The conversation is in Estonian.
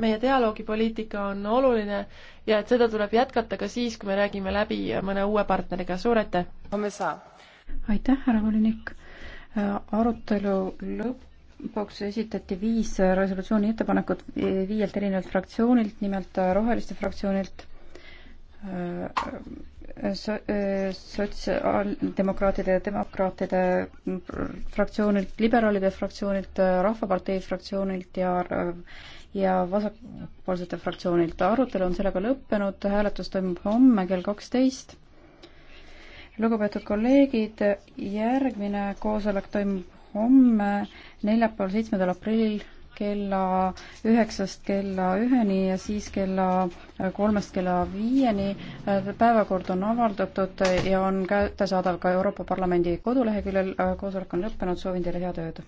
meie dialoogipoliitika on oluline ja et seda tuleb jätkata ka siis, kui me räägime läbi mõne uue partneriga, suur aitäh! aitäh, härra volinik! arutelu lõpuks esitati viis resolutsiooni ettepanekut viielt erinevalt fraktsioonilt, nimelt Roheliste fraktsioonilt, so-, äh, sotsiaaldemokraatide ja demokraatide fraktsioonilt, liberaalide fraktsioonilt, Rahvapartei fraktsioonilt ja ja vasakpoolsete fraktsioonilt. arutelu on sellega lõppenud, hääletus toimub homme kell kaksteist. lugupeetud kolleegid, järgmine koosolek toimub homme, neljapäeval, seitsmendal aprillil kella üheksast kella üheni ja siis kella kolmest kella viieni. päevakord on avaldatud ja on kättesaadav ka Euroopa Parlamendi koduleheküljel. koosolek on lõppenud, soovin teile head ööd!